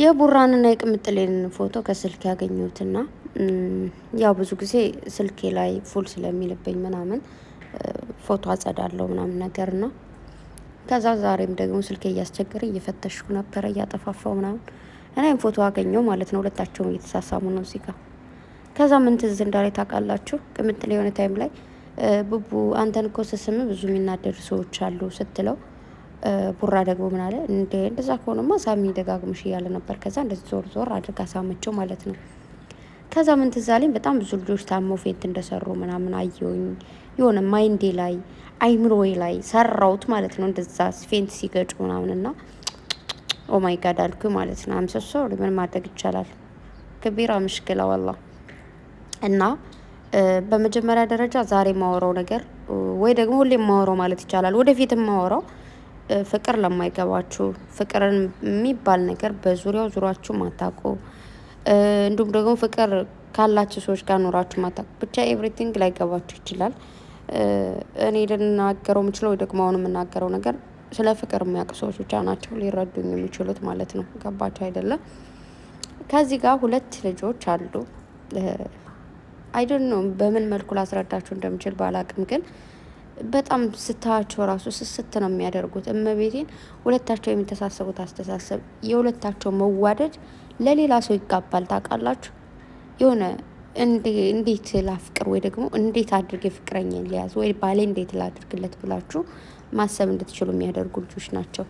የቡራንና የቅምጥሌን ፎቶ ከስልክ ያገኘሁትና ያው ብዙ ጊዜ ስልኬ ላይ ፉል ስለሚልብኝ ምናምን ፎቶ አጸዳለው ምናምን ነገር ነው። ከዛ ዛሬም ደግሞ ስልኬ እያስቸገረ እየፈተሽኩ ነበረ እያጠፋፋው ምናምን እኔም ፎቶ አገኘው ማለት ነው። ሁለታቸውም እየተሳሳሙ ነው እዚህ ጋር። ከዛ ምን ትዝ እንዳለ ታውቃላችሁ? ቅምጥሌ የሆነ ታይም ላይ ቡቡ አንተን እኮ ስስም ብዙ የሚናደዱ ሰዎች አሉ ስትለው ቡራ ደግሞ ምን አለ እንደ እንደዛ ከሆነማ ሳሚ ደጋግምሽ እያለ ነበር። ከዛ እንደዚህ ዞር ዞር አድርጋ ሳመችው ማለት ነው። ከዛ ምን ትዝ አለኝ በጣም ብዙ ልጆች ታመው ፌንት እንደሰሩ ምናምን አየውኝ። የሆነ ማይንዴ ላይ አይምሮዬ ላይ ሰራውት ማለት ነው። እንደዛ ፌንት ሲገጩ ምናምን ኦ ማይ ጋድ አልኩ ማለት ነው። አምሰ ሶሪ ምን ማድረግ ይቻላል? ከቢራ ምሽክላ ወላ እና በመጀመሪያ ደረጃ ዛሬ የማወራው ነገር ወይ ደግሞ ሁሌ የማወራው ማለት ይቻላል ወደፊት የማወራው ፍቅር ለማይገባችሁ ፍቅርን የሚባል ነገር በዙሪያው ዙሯችሁ ማታውቁ እንዲሁም ደግሞ ፍቅር ካላችሁ ሰዎች ጋር ኖራችሁ ማታውቁ ብቻ ኤቭሪቲንግ ላይገባችሁ ይችላል። እኔ ልናገረው የምችለው ወይ ደግሞ አሁን የምናገረው ነገር ስለ ፍቅር የሚያውቁ ሰዎች ብቻ ናቸው ሊረዱኝ የሚችሉት ማለት ነው። ገባችሁ አይደለም? ከዚህ ጋር ሁለት ልጆች አሉ። አይደን ነው በምን መልኩ ላስረዳችሁ እንደምችል ባላቅም ግን በጣም ስታያቸው ራሱ ስስት ነው የሚያደርጉት። እመቤቴን ሁለታቸው የሚተሳሰቡት አስተሳሰብ የሁለታቸው መዋደድ ለሌላ ሰው ይጋባል። ታውቃላችሁ የሆነ እንዴት ላፍቅር ወይ ደግሞ እንዴት አድርጌ ፍቅረኛ ሊያዝ ወይ ባሌ እንዴት ላድርግለት ብላችሁ ማሰብ እንድትችሉ የሚያደርጉ ልጆች ናቸው።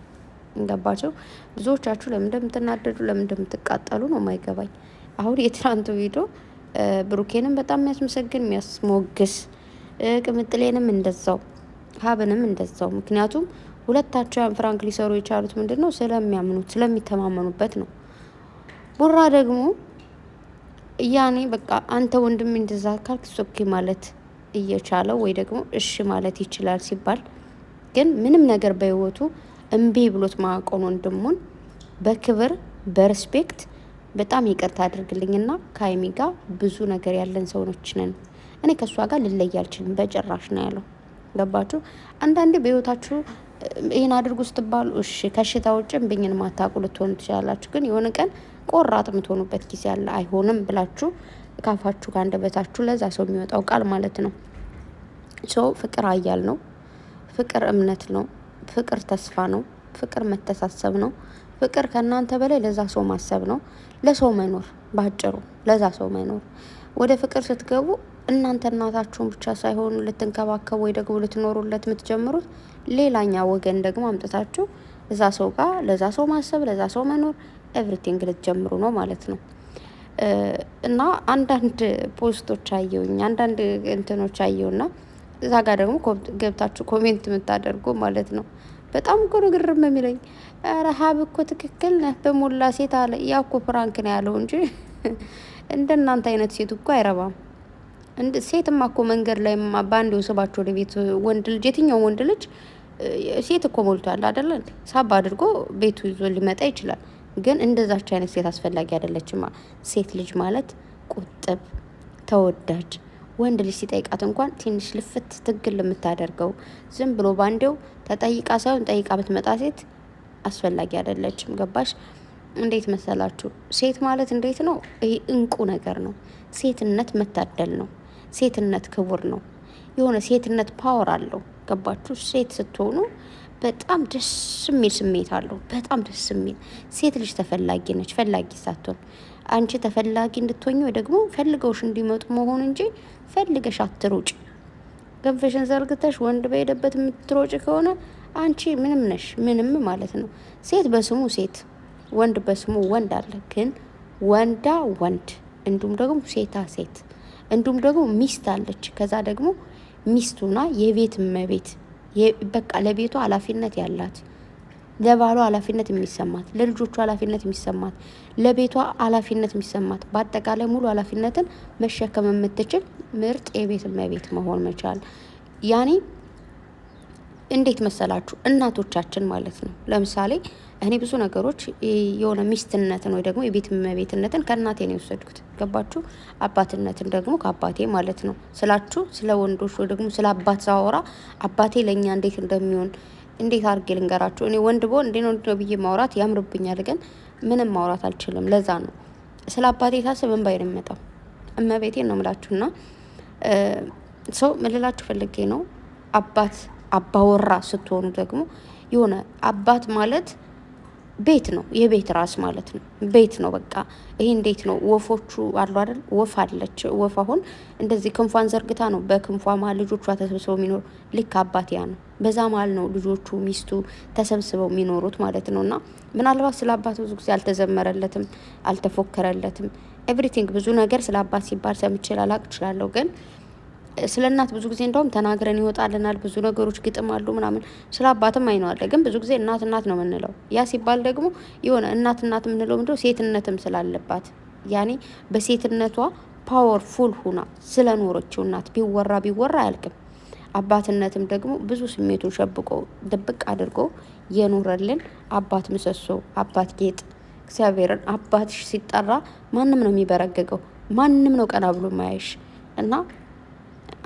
እንገባቸው። ብዙዎቻችሁ ለምን እንደምትናደዱ ለምን እንደምትቃጠሉ ነው ማይገባኝ። አሁን የትናንቱ ቪዲዮ ብሩኬንም በጣም የሚያስመሰግን የሚያስሞግስ ቅምጥሌንም እንደዛው ሀብንም እንደዛው። ምክንያቱም ሁለታቸው ያን ፍራንክ ሊሰሩ የቻሉት ምንድን ነው ስለሚያምኑት ስለሚተማመኑበት ነው። ቡራ ደግሞ እያኔ በቃ አንተ ወንድም እንደዛ ካልክ ሶኪ ማለት እየቻለው ወይ ደግሞ እሺ ማለት ይችላል ሲባል ግን ምንም ነገር በህይወቱ እምቢ ብሎት ማቆን ወንድሙን በክብር በሪስፔክት በጣም ይቅርታ አድርግልኝና ከሀይሚ ጋር ብዙ ነገር ያለን ሰውኖች ነን እኔ ከእሷ ጋር ልለይ አልችልም በጭራሽ ነው ያለው። ገባችሁ? አንዳንዴ በህይወታችሁ ይህን አድርጉ ስትባሉ እሺ ከሽታ ውጭ ብኝን ማታቁ ልትሆኑ ትችላላችሁ። ግን የሆነ ቀን ቆራጥ የምትሆኑበት ጊዜ አለ። አይሆንም ብላችሁ ካፋችሁ ከአንደበታችሁ ለዛ ሰው የሚወጣው ቃል ማለት ነው። ሰው ፍቅር አያል ነው። ፍቅር እምነት ነው። ፍቅር ተስፋ ነው። ፍቅር መተሳሰብ ነው። ፍቅር ከእናንተ በላይ ለዛ ሰው ማሰብ ነው። ለሰው መኖር፣ በአጭሩ ለዛ ሰው መኖር። ወደ ፍቅር ስትገቡ እናንተ እናታችሁን ብቻ ሳይሆን ልትንከባከቡ ወይ ደግሞ ልትኖሩለት የምትጀምሩት ሌላኛ ወገን ደግሞ አምጥታችሁ እዛ ሰው ጋር ለዛ ሰው ማሰብ ለዛ ሰው መኖር ኤቭሪቲንግ ልትጀምሩ ነው ማለት ነው። እና አንዳንድ ፖስቶች አየውኝ አንዳንድ እንትኖች አየውና እዛ ጋር ደግሞ ገብታችሁ ኮሜንት የምታደርጉ ማለት ነው። በጣም እኮ ግርም የሚለኝ። ረሀብ እኮ ትክክል ነህ በሞላ ሴት አለ። ያ እኮ ፕራንክ ነው ያለው እንጂ እንደናንተ አይነት ሴት እኮ አይረባም። ሴትማ እኮ መንገድ ላይ በአንድ ወሰባቸው ወደ ቤት ወንድ ልጅ የትኛው ወንድ ልጅ ሴት እኮ ሞልቷል አደለ ሳብ አድርጎ ቤቱ ይዞ ሊመጣ ይችላል። ግን እንደዛች አይነት ሴት አስፈላጊ አይደለችማ። ሴት ልጅ ማለት ቁጥብ፣ ተወዳጅ ወንድ ልጅ ሲጠይቃት እንኳን ትንሽ ልፍት ትግል የምታደርገው ዝም ብሎ ባንዴው ተጠይቃ ሳይሆን ጠይቃ ብትመጣ ሴት አስፈላጊ አይደለችም። ገባሽ? እንዴት መሰላችሁ? ሴት ማለት እንዴት ነው? ይሄ እንቁ ነገር ነው። ሴትነት መታደል ነው። ሴትነት ክቡር ነው። የሆነ ሴትነት ፓወር አለው። ገባችሁ? ሴት ስትሆኑ በጣም ደስ የሚል ስሜት አለው። በጣም ደስ የሚል ሴት ልጅ ተፈላጊ ነች። ፈላጊ ሳትሆን አንቺ ተፈላጊ እንድትሆኝ ደግሞ ፈልገውሽ እንዲመጡ መሆኑ እንጂ ፈልገሽ አትሮጭ። ገንፈሽን ዘርግተሽ ወንድ በሄደበት የምትሮጭ ከሆነ አንቺ ምንም ነሽ፣ ምንም ማለት ነው። ሴት በስሙ ሴት፣ ወንድ በስሙ ወንድ አለ። ግን ወንዳ ወንድ እንዲሁም ደግሞ ሴታ ሴት እንዲሁም ደግሞ ሚስት አለች። ከዛ ደግሞ ሚስቱና የቤት እመቤት በቃ ለቤቷ ኃላፊነት ያላት ለባሏ ኃላፊነት የሚሰማት ለልጆቹ ኃላፊነት የሚሰማት ለቤቷ ኃላፊነት የሚሰማት በአጠቃላይ ሙሉ ኃላፊነትን መሸከም የምትችል ምርጥ የቤት እመቤት መሆን መቻል ያኔ እንዴት መሰላችሁ እናቶቻችን ማለት ነው። ለምሳሌ እኔ ብዙ ነገሮች የሆነ ሚስትነትን ወይ ደግሞ የቤት እመቤትነትን ከእናቴ ነው የወሰድኩት። ገባችሁ? አባትነትን ደግሞ ከአባቴ ማለት ነው ስላችሁ፣ ስለ ወንዶች ወይ ደግሞ ስለ አባት ሳወራ አባቴ ለእኛ እንዴት እንደሚሆን እንዴት አድርጌ ልንገራችሁ። እኔ ወንድ በሆን እንዴ ወንድ ነው ብዬ ማውራት ያምርብኛል፣ ግን ምንም ማውራት አልችልም። ለዛ ነው ስለ አባቴ ታስብ እንባይ ነው የሚመጣው። እመቤቴን ነው ምላችሁና ሰው ምልላችሁ ፈልጌ ነው አባት አባወራ ስትሆኑ ደግሞ የሆነ አባት ማለት ቤት ነው፣ የቤት ራስ ማለት ነው። ቤት ነው በቃ። ይሄ እንዴት ነው? ወፎቹ አሉ አይደል? ወፍ አለች። ወፍ አሁን እንደዚህ ክንፏን ዘርግታ ነው በክንፏ መሀል ልጆቿ ተሰብስበው የሚኖሩ ልክ አባት ያ ነው። በዛ መሀል ነው ልጆቹ ሚስቱ ተሰብስበው የሚኖሩት ማለት ነው። እና ምናልባት ስለ አባት ብዙ ጊዜ አልተዘመረለትም፣ አልተፎከረለትም። ኤቭሪቲንግ ብዙ ነገር ስለ አባት ሲባል ሰምቼ ላላቅ እችላለሁ ግን ስለ እናት ብዙ ጊዜ እንደውም ተናግረን ይወጣልናል። ብዙ ነገሮች ግጥም አሉ ምናምን ስለ አባትም አይነዋለ። ግን ብዙ ጊዜ እናት እናት ነው የምንለው። ያ ሲባል ደግሞ የሆነ እናት እናት የምንለው ምንድ ሴትነትም ስላለባት ያኔ በሴትነቷ ፓወርፉል ሁና ስለኖረችው እናት ቢወራ ቢወራ አያልቅም። አባትነትም ደግሞ ብዙ ስሜቱን ሸብቆ ድብቅ አድርጎ የኖረልን አባት ምሰሶ፣ አባት ጌጥ። እግዚአብሔርን አባትሽ ሲጠራ ማንም ነው የሚበረገገው፣ ማንም ነው ቀና ብሎ ማያሽ እና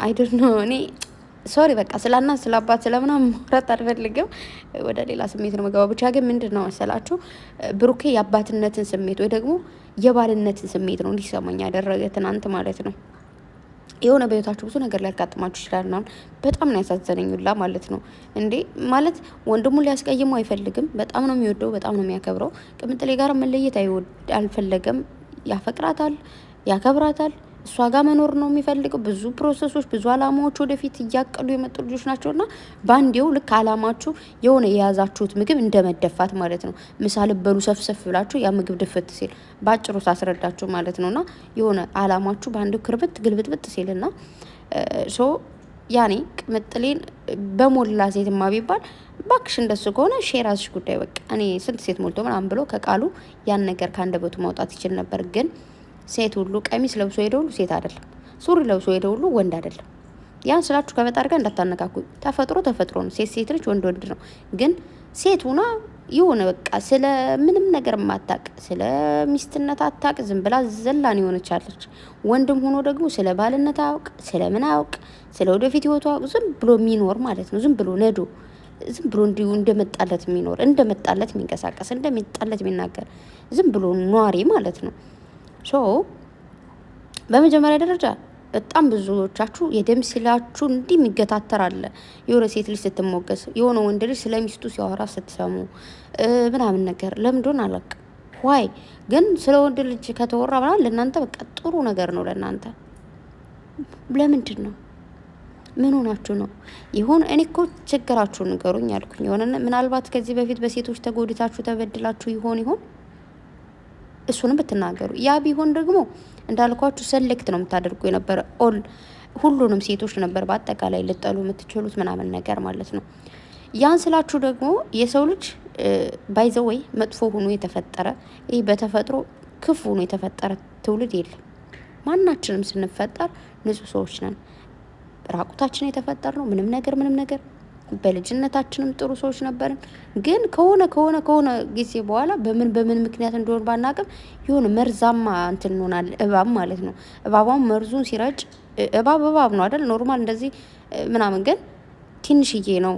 አይዶር ነው እኔ ሶሪ በቃ ስለ እናት ስለ አባት ስለምና ማውራት አልፈልግም። ወደ ሌላ ስሜት ነው መገባ። ብቻ ግን ምንድን ነው መሰላችሁ ብሩኬ የአባትነትን ስሜት ወይ ደግሞ የባልነትን ስሜት ነው እንዲሰማኝ ያደረገ ትናንት ማለት ነው። የሆነ በህይወታችሁ ብዙ ነገር ሊያጋጥማችሁ ይችላል ምናምን። በጣም ነው ያሳዘነኝ ሁላ ማለት ነው እንዴ ማለት ወንድሙን ሊያስቀይሙ አይፈልግም። በጣም ነው የሚወደው፣ በጣም ነው የሚያከብረው። ቅምጥሌ ጋር መለየት አልፈለገም። ያፈቅራታል፣ ያከብራታል እሷ ጋር መኖር ነው የሚፈልገው። ብዙ ፕሮሰሶች፣ ብዙ አላማዎች ወደፊት እያቀሉ የመጡ ልጆች ናቸው እና በአንዴው ልክ አላማችሁ የሆነ የያዛችሁት ምግብ እንደ መደፋት ማለት ነው። ምሳሌ በሉ ሰፍሰፍ ብላችሁ ያ ምግብ ድፍት ሲል በአጭሩ ሳስረዳችሁ ማለት ነው እና የሆነ አላማችሁ በአንዴው ክርብት ግልብጥብጥ ሲል ና ሶ ያኔ ቅምጥሌን በሞላ ሴትማ ቢባል ባክሽ እንደሱ ከሆነ ሼ ራስሽ ጉዳይ በቃ እኔ ስንት ሴት ሞልቶ ምናምን ብሎ ከቃሉ ያን ነገር ከአንደበቱ ማውጣት ይችል ነበር ግን ሴት ሁሉ ቀሚስ ለብሶ ሄደ ሁሉ ሴት አይደለም። ሱሪ ለብሶ ሄደ ሁሉ ወንድ አይደለም። ያን ስላችሁ ከፈጣሪ ጋር እንዳታነካኩ። ተፈጥሮ ተፈጥሮ ነው። ሴት ሴት ነች፣ ወንድ ወንድ ነው። ግን ሴት ሁና የሆነ በቃ ስለ ምንም ነገር ማታቅ ስለ ሚስትነት አታቅ ዝም ብላ ዘላን የሆነች አለች። ወንድም ሆኖ ደግሞ ስለ ባልነት አያውቅ ስለ ምን አያውቅ ስለ ወደፊት ህይወቱ አያውቅ ዝም ብሎ የሚኖር ማለት ነው። ዝም ብሎ ነዶ ዝም ብሎ እንዲሁ እንደመጣለት የሚኖር እንደመጣለት የሚንቀሳቀስ እንደመጣለት የሚናገር ዝም ብሎ ኗሪ ማለት ነው። ሶ በመጀመሪያ ደረጃ በጣም ብዙዎቻችሁ የደም ሲላችሁ እንዲህ የሚገታተር አለ። የሆነ ሴት ልጅ ስትሞገስ፣ የሆነ ወንድ ልጅ ስለ ሚስቱ ሲያወራ ስትሰሙ ምናምን ነገር ለምንድን አላውቅም። ዋይ ግን ስለ ወንድ ልጅ ከተወራ ምናምን ለእናንተ በቃ ጥሩ ነገር ነው። ለእናንተ ለምንድን ነው? ምን ሆናችሁ ነው? ይሁን እኔ እኮ ችግራችሁን ንገሩኝ አልኩኝ። የሆነ ምናልባት ከዚህ በፊት በሴቶች ተጎድታችሁ ተበድላችሁ ይሆን ይሆን እሱንም ብትናገሩ። ያ ቢሆን ደግሞ እንዳልኳችሁ ሰሌክት ነው የምታደርጉ የነበረ ኦል ሁሉንም ሴቶች ነበር በአጠቃላይ ልጠሉ የምትችሉት ምናምን ነገር ማለት ነው። ያን ስላችሁ ደግሞ የሰው ልጅ ባይዘወይ መጥፎ ሆኖ የተፈጠረ ይህ በተፈጥሮ ክፉ ሆኖ የተፈጠረ ትውልድ የለም። ማናችንም ስንፈጠር ንጹህ ሰዎች ነን። ራቁታችን የተፈጠር ነው ምንም ነገር ምንም ነገር በልጅነታችንም ጥሩ ሰዎች ነበርን። ግን ከሆነ ከሆነ ከሆነ ጊዜ በኋላ በምን በምን ምክንያት እንደሆን ባናቅም የሆነ መርዛማ እንትን እንሆናለን። እባብ ማለት ነው። እባቧም መርዙን ሲረጭ እባብ እባብ ነው አይደል? ኖርማል እንደዚህ ምናምን፣ ግን ትንሽዬ ነው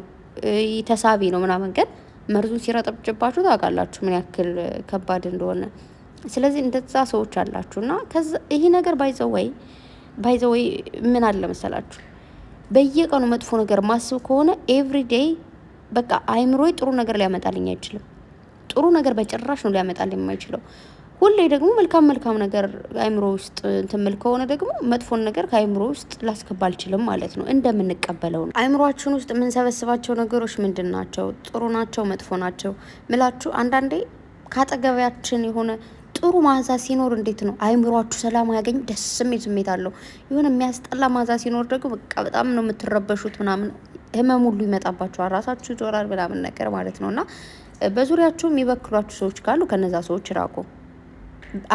ተሳቢ ነው ምናምን፣ ግን መርዙን ሲረጠብጭባችሁ ታውቃላችሁ ምን ያክል ከባድ እንደሆነ። ስለዚህ እንደዛ ሰዎች አላችሁ እና ይሄ ነገር ባይዘወይ ባይዘወይ ምን አለ መሰላችሁ በየቀኑ መጥፎ ነገር ማስብ ከሆነ ኤቭሪዴይ በቃ አይምሮ ጥሩ ነገር ሊያመጣልኝ አይችልም። ጥሩ ነገር በጭራሽ ነው ሊያመጣልኝ የማይችለው። ሁሌ ደግሞ መልካም መልካም ነገር አይምሮ ውስጥ ትምል ከሆነ ደግሞ መጥፎን ነገር ከአይምሮ ውስጥ ላስገባ አልችልም ማለት ነው። እንደምንቀበለው ነው። አይምሯችን ውስጥ የምንሰበስባቸው ነገሮች ምንድን ናቸው? ጥሩ ናቸው? መጥፎ ናቸው? ምላችሁ አንዳንዴ ከአጠገቢያችን የሆነ ጥሩ መዓዛ ሲኖር እንዴት ነው አይምሯችሁ ሰላም ያገኝ ደስ የሚል ስሜት አለው። የሆነ የሚያስጠላ ማዛ ሲኖር ደግሞ በቃ በጣም ነው የምትረበሹት ምናምን ህመም ሁሉ ይመጣባቸዋል ራሳችሁ ይዞራል ምናምን ነገር ማለት ነው። እና በዙሪያችሁ የሚበክሏችሁ ሰዎች ካሉ ከነዛ ሰዎች ራቁ።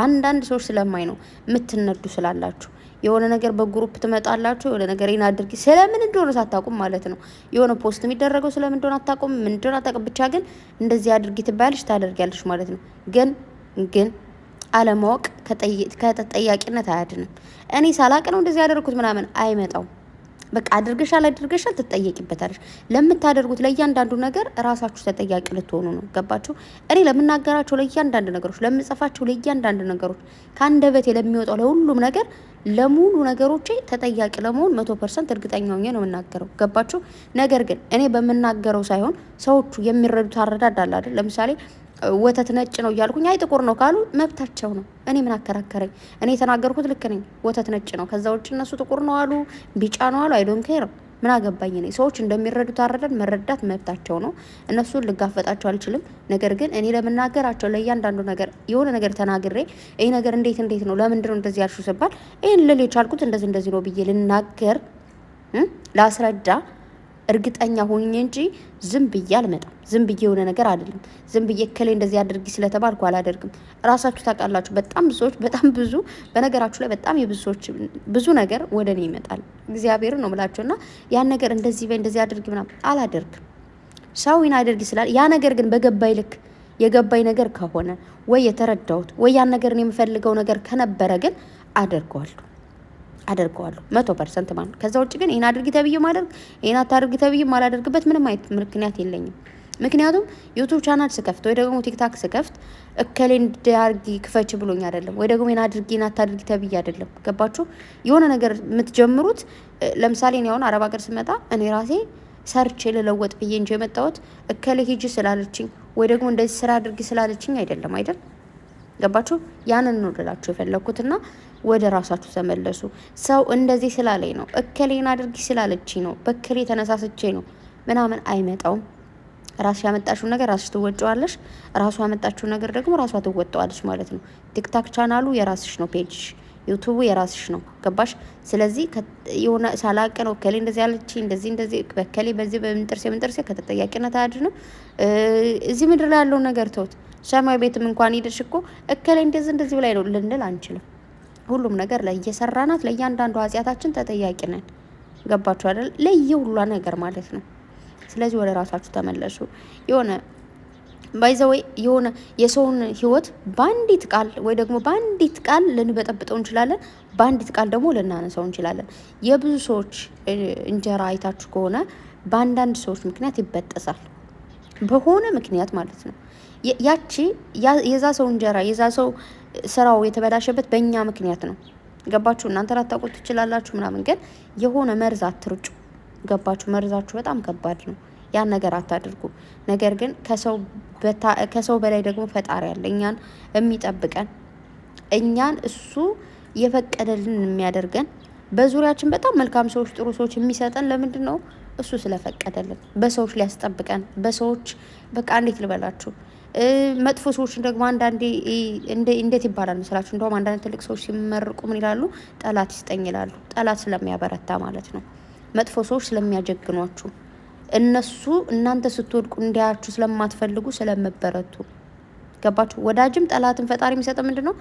አንዳንድ ሰዎች ስለማይ ነው የምትነዱ ስላላችሁ የሆነ ነገር በግሩፕ ትመጣላችሁ። የሆነ ነገር ይህን አድርጊ ስለምን እንደሆነ ሳታቁም ማለት ነው። የሆነ ፖስት የሚደረገው ስለምን እንደሆነ አታቁም፣ ምን እንደሆነ ብቻ ግን እንደዚህ አድርጊ ትባያለሽ፣ ታደርጊያለሽ ማለት ነው። ግን ግን አለማወቅ ከተጠያቂነት አያድንም። እኔ ሳላቅ ነው እንደዚህ ያደርኩት ምናምን አይመጣው በቃ አድርገሻል አድርገሻል ትጠየቂበታለሽ። ለምታደርጉት ለእያንዳንዱ ነገር ራሳችሁ ተጠያቂ ልትሆኑ ነው። ገባችሁ? እኔ ለምናገራቸው ለእያንዳንድ ነገሮች፣ ለምጽፋቸው ለእያንዳንድ ነገሮች፣ ከአንደበቴ ለሚወጣው ለሁሉም ነገር ለሙሉ ነገሮቼ ተጠያቂ ለመሆን መቶ ፐርሰንት እርግጠኛ ሆኜ ነው የምናገረው። ገባችሁ? ነገር ግን እኔ በምናገረው ሳይሆን ሰዎቹ የሚረዱት አረዳድ አለ አይደል? ለምሳሌ ወተት ነጭ ነው እያልኩኝ አይ ጥቁር ነው ካሉ መብታቸው ነው። እኔ ምን አከራከረኝ? እኔ የተናገርኩት ልክ ነኝ። ወተት ነጭ ነው። ከዛ ውጭ እነሱ ጥቁር ነው አሉ ቢጫ ነው አሉ አይዶን ኬር ምን አገባኝ ነኝ። ሰዎች እንደሚረዱት አረዳድ መረዳት መብታቸው ነው። እነሱን ልጋፈጣቸው አልችልም። ነገር ግን እኔ ለምናገራቸው ለእያንዳንዱ ነገር የሆነ ነገር ተናግሬ ይህ ነገር እንዴት እንዴት ነው ለምንድነው እንደዚህ ያልሹ ስባል ይህን ልል የቻልኩት እንደዚህ እንደዚህ ነው ብዬ ልናገር ላስረዳ እርግጠኛ ሆኜ እንጂ ዝም ብዬ አልመጣም። ዝም ብዬ የሆነ ነገር አይደለም። ዝም ብዬ እከሌ እንደዚህ አድርጊ ስለተባልኩ አላደርግም። ራሳችሁ ታውቃላችሁ። በጣም ብዙዎች በጣም ብዙ በነገራችሁ ላይ በጣም የብዙ ሰዎች ብዙ ነገር ወደ እኔ ይመጣል። እግዚአብሔር ነው ምላቸው እና ያን ነገር እንደዚህ በይ እንደዚህ አድርጊ ምናምን አላደርግም። ሰው ይን አድርጊ ስላል ያ ነገር ግን በገባይ ልክ የገባኝ ነገር ከሆነ ወይ የተረዳሁት ወይ ያን ነገርን የምፈልገው ነገር ከነበረ ግን አደርገዋለሁ። አደርገዋለሁ መቶ ፐርሰንት ማለት ነው። ከዛ ውጭ ግን ይህን አድርጊ ተብዬ ማደርግ ይህን አታድርጊ ተብዬ ማላደርግበት ምንም አይነት ምክንያት የለኝም። ምክንያቱም ዩቱብ ቻናል ስከፍት ወይ ደግሞ ቲክታክ ስከፍት እከሌ እንዲያርጊ ክፈች ብሎኝ አይደለም፣ ወይ ደግሞ ይህን አድርጊ ይህን አታድርጊ ተብዬ አይደለም። ገባችሁ? የሆነ ነገር የምትጀምሩት ለምሳሌ እኔ አረብ ሀገር ስመጣ እኔ ራሴ ሰርች ልለወጥ ብዬ እንጂ የመጣሁት እከሌ ሂጂ ስላለችኝ ወይ ደግሞ እንደዚህ ስራ አድርጊ ስላለችኝ አይደለም አይደል ገባችሁ? ያንን ነው ልላችሁ የፈለግኩትና ወደ ራሳችሁ ተመለሱ። ሰው እንደዚህ ስላለኝ ነው እከሌን አድርጊ ስላለች ነው በከሌ ተነሳስቼ ነው ምናምን አይመጣውም። ራስ ያመጣችው ነገር ራስሽ ትወጫዋለሽ፣ ራሱ ያመጣችው ነገር ደግሞ ራሷ ትወጣዋለች ማለት ነው። ቲክታክ ቻናሉ የራስሽ ነው፣ ፔጅ ዩቱቡ የራስሽ ነው። ገባሽ? ስለዚህ የሆነ ሳላቅ ነው እከሌ እንደዚህ ያለች እንደዚህ እንደዚህ በከሌ በዚህ በምንጥርሴ ምንጥርሴ ከተጠያቂነት ነው። እዚህ ምድር ላይ ያለው ነገር ተውት። ሰማይ ቤትም እንኳን ሄደሽ እኮ እከሌ እንደዚህ እንደዚህ ብላይ ነው ልንል አንችልም። ሁሉም ነገር ላይ ለእያንዳንዱ ኃጢአታችን ተጠያቂ ነን። ገባችሁ አይደል? ለየሁሏ ነገር ማለት ነው። ስለዚህ ወደ ራሳችሁ ተመለሱ። የሆነ ባይዘወይ የሆነ የሰውን ህይወት በአንዲት ቃል ወይ ደግሞ በአንዲት ቃል ልንበጠብጠው እንችላለን። በአንዲት ቃል ደግሞ ልናነሳው እንችላለን። የብዙ ሰዎች እንጀራ አይታችሁ ከሆነ በአንዳንድ ሰዎች ምክንያት ይበጠሳል። በሆነ ምክንያት ማለት ነው። ያቺ የዛ ሰው እንጀራ የዛ ሰው ስራው የተበላሸበት በእኛ ምክንያት ነው። ገባችሁ? እናንተ ላታውቁት ትችላላችሁ ምናምን፣ ግን የሆነ መርዝ አትርጩ። ገባችሁ? መርዛችሁ በጣም ከባድ ነው። ያን ነገር አታድርጉ። ነገር ግን ከሰው በላይ ደግሞ ፈጣሪ አለ፣ እኛን የሚጠብቀን እኛን እሱ የፈቀደልን የሚያደርገን በዙሪያችን በጣም መልካም ሰዎች፣ ጥሩ ሰዎች የሚሰጠን ለምንድን ነው? እሱ ስለፈቀደልን። በሰዎች ሊያስጠብቀን በሰዎች በቃ እንዴት ልበላችሁ መጥፎ ሰዎችን ደግሞ አንዳንዴ እንዴት ይባላል መስላችሁ? እንደውም አንዳንድ ትልቅ ሰዎች ሲመርቁ ምን ይላሉ? ጠላት ይስጠኝ ይላሉ። ጠላት ስለሚያበረታ ማለት ነው። መጥፎ ሰዎች ስለሚያጀግኗችሁ፣ እነሱ እናንተ ስትወድቁ እንዲያችሁ ስለማትፈልጉ ስለምበረቱ ገባችሁ? ወዳጅም ጠላትም ፈጣሪ የሚሰጠ ምንድን ነው?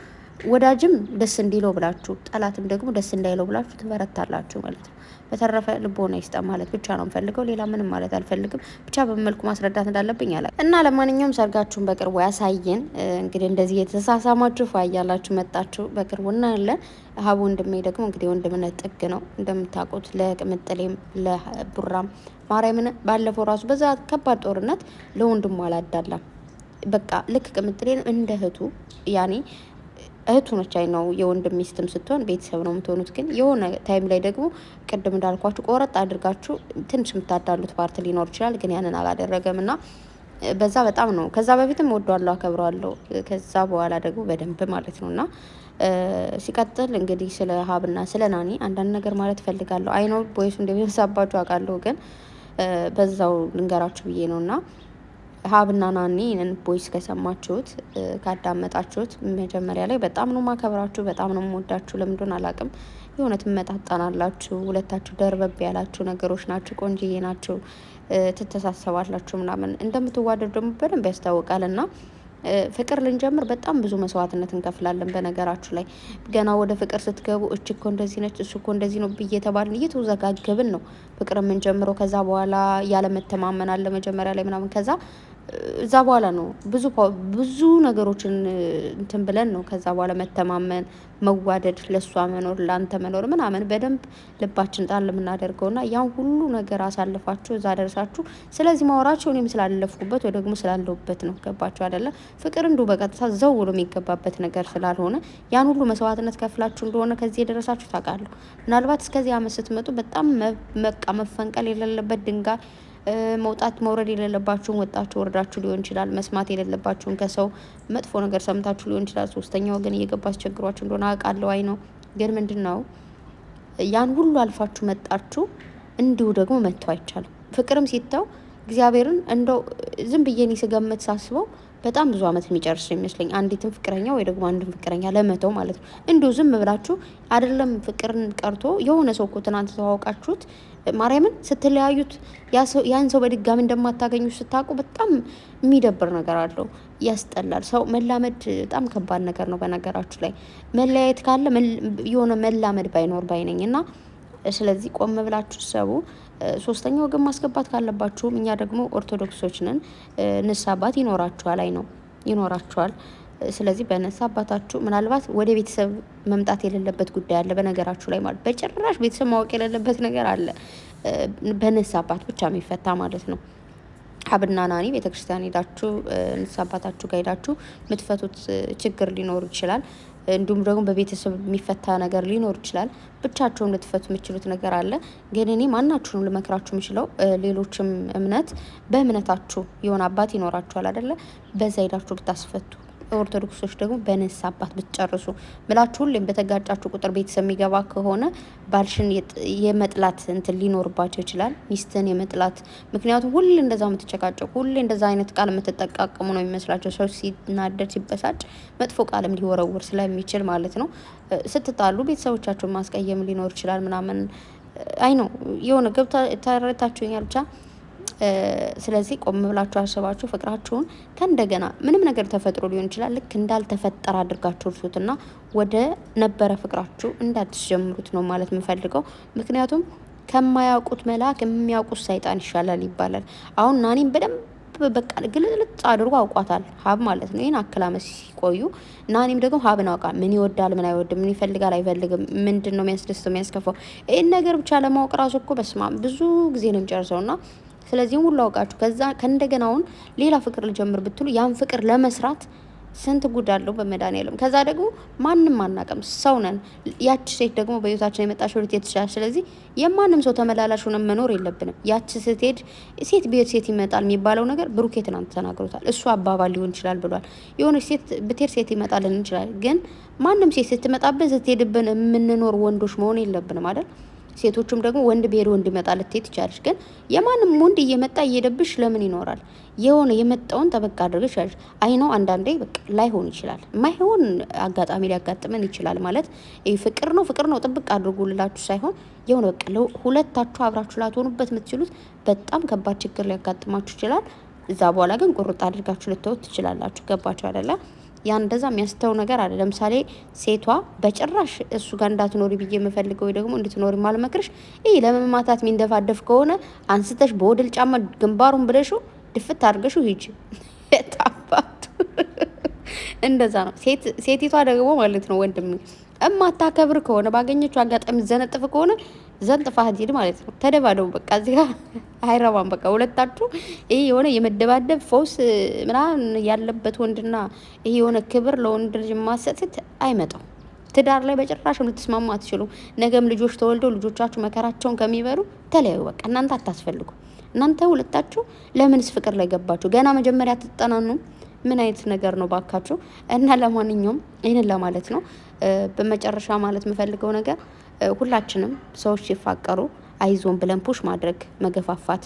ወዳጅም ደስ እንዲለው ብላችሁ፣ ጠላትም ደግሞ ደስ እንዳይለው ብላችሁ ትበረታላችሁ ማለት ነው። በተረፈ ልቦና ይስጠ ማለት ብቻ ነው የምፈልገው። ሌላ ምንም ማለት አልፈልግም። ብቻ በመልኩ ማስረዳት እንዳለብኝ አላ እና ለማንኛውም ሰርጋችሁን በቅርቡ ያሳየን። እንግዲህ እንደዚህ የተሳሳማችሁ ፏያላችሁ መጣችሁ፣ በቅርቡ እናያለን። ሀቡ ወንድሜ ደግሞ እንግዲህ ወንድምነት ጥግ ነው እንደምታውቁት። ለቅምጥሌም ለቡራም ማርያምን ባለፈው ራሱ በዛ ከባድ ጦርነት ለወንድሙ አላዳላም በቃ ልክ ቅምጥሌን እንደ እህቱ ያኔ እህቱ ነች ነው የወንድ ሚስትም ስትሆን ቤተሰብ ነው የምትሆኑት። ግን የሆነ ታይም ላይ ደግሞ ቅድም እንዳልኳችሁ ቆረጥ አድርጋችሁ ትንሽ የምታዳሉት ፓርት ሊኖር ይችላል። ግን ያንን አላደረገም እና በዛ በጣም ነው። ከዛ በፊትም ወዷለሁ፣ አከብረዋለሁ። ከዛ በኋላ ደግሞ በደንብ ማለት ነው እና ሲቀጥል እንግዲህ ስለ ሀብና ስለ ናኒ አንዳንድ ነገር ማለት ፈልጋለሁ። አይኖ ቦይሱ እንደሚመሳባችሁ አውቃለሁ፣ ግን በዛው ልንገራችሁ ብዬ ነው እና ሀብና ናኒ ይህንን ቦይስ ከሰማችሁት ካዳመጣችሁት መጀመሪያ ላይ በጣም ነው ማከብራችሁ፣ በጣም ነው የምወዳችሁ። ለምንድን አላውቅም የሆነ ትመጣጣናላችሁ። ሁለታችሁ ደርበብ ያላችሁ ነገሮች ናችሁ፣ ቆንጅዬ ናችሁ፣ ትተሳሰባላችሁ ምናምን እንደምትዋደዱ ደግሞ በደንብ ያስታውቃል እና ፍቅር ልንጀምር በጣም ብዙ መስዋዕትነት እንከፍላለን። በነገራችሁ ላይ ገና ወደ ፍቅር ስትገቡ እች እኮ እንደዚህ ነች፣ እሱ እኮ እንደዚህ ነው ብዬ የተባልን እየተወዘጋገብን ነው ፍቅር የምንጀምረው። ከዛ በኋላ ያለመተማመን አለ መጀመሪያ ላይ ምናምን ከዛ እዛ በኋላ ነው ብዙ ብዙ ነገሮችን እንትን ብለን ነው ከዛ በኋላ መተማመን፣ መዋደድ፣ ለእሷ መኖር፣ ለአንተ መኖር ምናምን በደንብ ልባችን ጣል የምናደርገውና ያን ሁሉ ነገር አሳልፋችሁ እዛ ደረሳችሁ። ስለዚህ ማወራቸው እኔም ስላለፍኩበት ወይ ደግሞ ስላለሁበት ነው። ገባችሁ አይደለም? ፍቅር እንዱ በቀጥታ ዘው ብሎ የሚገባበት ነገር ስላልሆነ ያን ሁሉ መስዋዕትነት ከፍላችሁ እንደሆነ ከዚህ የደረሳችሁ ታውቃለሁ። ምናልባት እስከዚህ አመት ስትመጡ በጣም መቃ መፈንቀል የሌለበት ድንጋይ መውጣት መውረድ የሌለባችሁን ወጣችሁ ወረዳችሁ ሊሆን ይችላል። መስማት የሌለባችሁን ከሰው መጥፎ ነገር ሰምታችሁ ሊሆን ይችላል። ሶስተኛ ወገን እየገባ አስቸግሯችሁ እንደሆነ አውቃለሁ። አይ ነው ግን ምንድን ነው ያን ሁሉ አልፋችሁ መጣችሁ። እንዲሁ ደግሞ መጥተው አይቻልም። ፍቅርም ሲተው እግዚአብሔርን እንደው ዝም ብዬ እኔ ስገምት ሳስበው በጣም ብዙ ዓመት የሚጨርስ ይመስለኝ አንዲትን ፍቅረኛ ወይ ደግሞ አንድን ፍቅረኛ ለመተው ማለት ነው። እንዲሁ ዝም ብላችሁ አይደለም ፍቅርን ቀርቶ የሆነ ሰው እኮ ትናንት ተዋውቃችሁት ማርያምን ስትለያዩት ያን ሰው በድጋሚ እንደማታገኙ ስታውቁ በጣም የሚደብር ነገር አለው። ያስጠላል። ሰው መላመድ በጣም ከባድ ነገር ነው። በነገራችሁ ላይ መለያየት ካለ የሆነ መላመድ ባይኖር ባይነኝ እና ስለዚህ ቆም ብላችሁ ሰቡ። ሶስተኛ ወገን ማስገባት ካለባችሁም እኛ ደግሞ ኦርቶዶክሶች ነን። ንስሐ አባት ይኖራችኋል። አይ ነው ይኖራችኋል ስለዚህ በነሳ አባታችሁ ምናልባት ወደ ቤተሰብ መምጣት የሌለበት ጉዳይ አለ። በነገራችሁ ላይ ማለት በጭራሽ ቤተሰብ ማወቅ የሌለበት ነገር አለ። በነሳ አባት ብቻ የሚፈታ ማለት ነው። ሀብና ናኒ ቤተክርስቲያን ሄዳችሁ ንሳ አባታችሁ ጋር ሄዳችሁ የምትፈቱት ችግር ሊኖር ይችላል። እንዲሁም ደግሞ በቤተሰብ የሚፈታ ነገር ሊኖር ይችላል። ብቻቸውን ልትፈቱ የምችሉት ነገር አለ። ግን እኔ ማናችሁንም ልመክራችሁ የምችለው ሌሎችም እምነት በእምነታችሁ የሆነ አባት ይኖራችኋል አይደለ? በዛ ሄዳችሁ ብታስፈቱ ኦርቶዶክሶች ደግሞ በንስሐ አባት ብትጨርሱ ምላችሁ። ሁሌም በተጋጫችሁ ቁጥር ቤተሰብ የሚገባ ከሆነ ባልሽን የመጥላት እንትን ሊኖርባቸው ይችላል፣ ሚስትን የመጥላት ምክንያቱም ሁሌ እንደዛ የምትጨቃጨቁ ሁሌ እንደዛ አይነት ቃል የምትጠቃቀሙ ነው የሚመስላቸው። ሰው ሲናደድ ሲበሳጭ መጥፎ ቃልም ሊወረውር ስለሚችል ማለት ነው። ስትጣሉ ቤተሰቦቻቸውን ማስቀየም ሊኖር ይችላል ምናምን። አይ ነው የሆነ ገብታ ተረታችሁኛል ብቻ ስለዚህ ቆም ብላችሁ አስባችሁ ፍቅራችሁን ከእንደገና ምንም ነገር ተፈጥሮ ሊሆን ይችላል ልክ እንዳልተፈጠረ አድርጋችሁ እርሱትና ወደ ነበረ ፍቅራችሁ እንዳትጀምሩት ነው ማለት የምፈልገው። ምክንያቱም ከማያውቁት መልአክ የሚያውቁት ሰይጣን ይሻላል ይባላል። አሁን ናኒም በደንብ በቃ ግልጽ አድርጎ አውቋታል ሀብ ማለት ነው። ይህን አክል አመት ሲቆዩ ናኒም ደግሞ ሀብን አውቃ ምን ይወዳል፣ ምን አይወድም፣ ምን ይፈልጋል፣ አይፈልግም፣ ምንድን ነው የሚያስደስተው፣ የሚያስከፋው ይህን ነገር ብቻ ለማወቅ ራሱ እኮ በስማ ብዙ ጊዜ ነው የሚጨርሰው ና ስለዚህም ሁሉ አውቃችሁ ከዛ ከእንደገና አሁን ሌላ ፍቅር ልጀምር ብትሉ ያን ፍቅር ለመስራት ስንት ጉድ አለው በመድኃኒዓለም። ከዛ ደግሞ ማንም አናቀም ሰው ነን። ያቺ ሴት ደግሞ በህይወታችን የመጣች ልትሄድ ትችላለች። ስለዚህ የማንም ሰው ተመላላሽ ሆነን መኖር የለብንም። ያቺ ስትሄድ ሴት ብሄድ ሴት ይመጣል የሚባለው ነገር ብሩኬ ትናንት ተናግሮታል። እሱ አባባል ሊሆን ይችላል ብሏል። የሆነች ሴት ብትሄድ ሴት ይመጣልን ይችላል። ግን ማንም ሴት ስትመጣብን ስትሄድብን የምንኖር ወንዶች መሆን የለብንም አይደል? ሴቶቹም ደግሞ ወንድ ብሄር ወንድ ይመጣ ልትሄድ ትቻለሽ። ግን የማንም ወንድ እየመጣ እየደብሽ ለምን ይኖራል? የሆነ የመጣውን ተበቃ አድርገሽ ያለሽ አይኖ ነው። አንዳንዴ በቃ ላይሆን ይችላል፣ ማይሆን አጋጣሚ ሊያጋጥመን ይችላል። ማለት ፍቅር ነው ፍቅር ነው ጥብቅ አድርጉ ልላችሁ ሳይሆን የሆነ በቃ ሁለታችሁ አብራችሁ ላትሆኑበት የምትችሉት በጣም ከባድ ችግር ሊያጋጥማችሁ ይችላል። እዛ በኋላ ግን ቁርጥ አድርጋችሁ ልትወት ትችላላችሁ። ገባችሁ አይደለም? ያ እንደዛ የሚያስተው ነገር አለ። ለምሳሌ ሴቷ በጭራሽ እሱ ጋር እንዳትኖሪ ብዬ የምፈልገው ወይ ደግሞ እንድትኖሪ ማልመክርሽ ይህ ለመማታት የሚንደፋደፍ ከሆነ አንስተሽ በወድል ጫማ ግንባሩን ብለሹ ድፍት አድርገሹ ሂጂ። ታባቱ እንደዛ ነው። ሴቲቷ ደግሞ ማለት ነው ወንድም እማታከብር ከሆነ ባገኘችው አጋጣሚ ዘነጥፍ ከሆነ ዘንጥፋ ሂድ ማለት ነው። ተደባደቡ በቃ እዚህ ጋር አይረባም። በቃ ሁለታችሁ ይሄ የሆነ የመደባደብ ፈውስ ምናምን ያለበት ወንድና ይሄ የሆነ ክብር ለወንድ ልጅ ማሰጥት አይመጣው። ትዳር ላይ በጭራሽ ልትስማሙ አትችሉ። ነገም ልጆች ተወልደው ልጆቻችሁ መከራቸውን ከሚበሉ ተለያዩ። በቃ እናንተ አታስፈልጉ። እናንተ ሁለታችሁ ለምንስ ፍቅር ላይ ገባችሁ? ገና መጀመሪያ አትጠናኑ። ምን አይነት ነገር ነው ባካችሁ? እና ለማንኛውም ይህንን ለማለት ነው። በመጨረሻ ማለት የምፈልገው ነገር ሁላችንም ሰዎች ሲፋቀሩ አይዞን ብለን ፑሽ ማድረግ መገፋፋት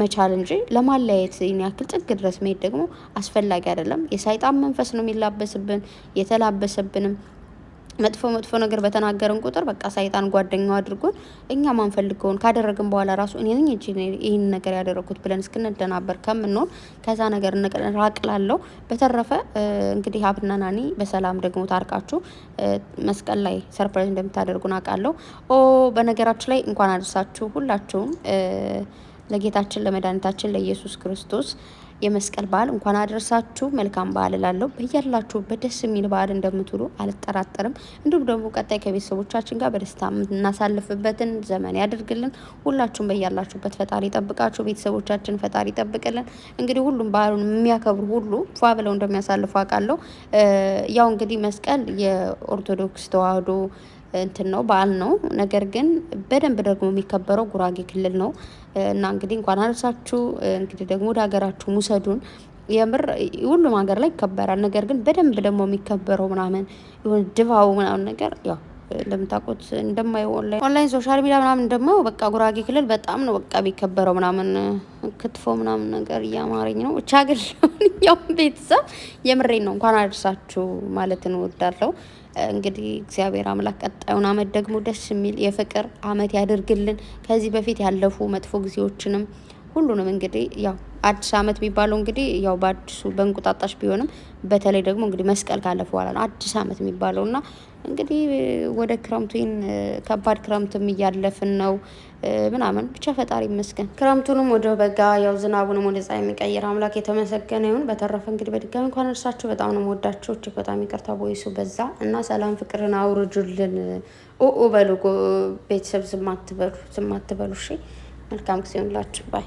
መቻል እንጂ ለማለያየት ይህን ያክል ጥግ ድረስ መሄድ ደግሞ አስፈላጊ አይደለም። የሳይጣን መንፈስ ነው የሚላበስብን የተላበሰብንም መጥፎ መጥፎ ነገር በተናገርን ቁጥር በቃ ሰይጣን ጓደኛው አድርጎን እኛ ማንፈልገውን ካደረግን በኋላ ራሱ እኔ ነኝ እጅ ይህን ነገር ያደረግኩት ብለን እስክንደናበር ከምንሆን ከዛ ነገር ራቅ ላለው። በተረፈ እንግዲህ ሀብና ናኒ በሰላም ደግሞ ታርቃችሁ መስቀል ላይ ሰርፕራይዝ እንደምታደርጉን አውቃለሁ። ኦ በነገራችሁ ላይ እንኳን አደርሳችሁ ሁላችሁም ለጌታችን ለመድኃኒታችን ለኢየሱስ ክርስቶስ የመስቀል በዓል እንኳን አደረሳችሁ። መልካም በዓል እላለሁ። በያላችሁበት ደስ የሚል በዓል እንደምትውሉ አልጠራጠርም። እንዲሁም ደግሞ ቀጣይ ከቤተሰቦቻችን ጋር በደስታ የምናሳልፍበትን ዘመን ያደርግልን። ሁላችሁም በያላችሁበት ፈጣሪ ጠብቃችሁ፣ ቤተሰቦቻችን ፈጣሪ ጠብቅልን። እንግዲህ ሁሉም በዓሉን የሚያከብሩ ሁሉ ፏ ብለው እንደሚያሳልፉ አውቃለሁ። ያው እንግዲህ መስቀል የኦርቶዶክስ ተዋህዶ እንትን ነው በዓል ነው። ነገር ግን በደንብ ደግሞ የሚከበረው ጉራጌ ክልል ነው እና እንግዲህ እንኳን አደረሳችሁ። እንግዲህ ደግሞ ወደ ሀገራችሁ ሙሰዱን የምር ሁሉም ሀገር ላይ ይከበራል። ነገር ግን በደንብ ደግሞ የሚከበረው ምናምን የሆነ ድባቡ ምናምን ነገር ያው እንደምታውቁት እንደማየው ኦንላይን ኦንላይን ሶሻል ሚዲያ ምናምን እንደማየው በቃ ጉራጌ ክልል በጣም ነው በቃ ቢከበረው ምናምን ክትፎ ምናምን ነገር እያማረኝ ነው። ብቻ ግን ለማንኛውም ቤተሰብ የምሬን ነው እንኳን አደርሳችሁ ማለት እንወዳለው። እንግዲህ እግዚአብሔር አምላክ ቀጣዩን አመት ደግሞ ደስ የሚል የፍቅር አመት ያደርግልን። ከዚህ በፊት ያለፉ መጥፎ ጊዜዎችንም ሁሉንም እንግዲህ ያው አዲስ አመት የሚባለው እንግዲህ ያው በአዲሱ በእንቁጣጣሽ ቢሆንም በተለይ ደግሞ እንግዲህ መስቀል ካለፈ በኋላ ነው አዲስ አመት የሚባለው እና እንግዲህ ወደ ክረምቱን ከባድ ክረምትም እያለፍን ነው ምናምን ብቻ ፈጣሪ ይመስገን። ክረምቱንም ወደ በጋ ያው ዝናቡንም ወደ ፀሐይ የሚቀይር አምላክ የተመሰገነ ይሁን። በተረፈ እንግዲህ በድጋሚ እንኳን እርሳችሁ በጣም ነው የምወዳችሁ። እጅግ በጣም ይቅርታ ቦይሱ በዛ እና ሰላም ፍቅርን አውርጁልን። ኡኡ በሉ ቤተሰብ ዝም አትበሉ፣ ዝም አትበሉ። እሺ መልካም ጊዜ ሆንላችሁ ባይ